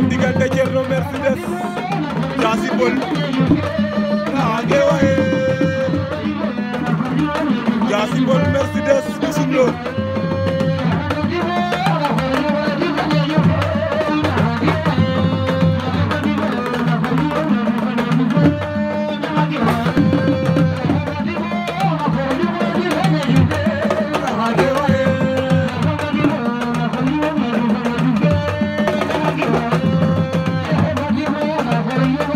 ndeysaan diggante Thierno Mercedes Jaasi Pël Thank you.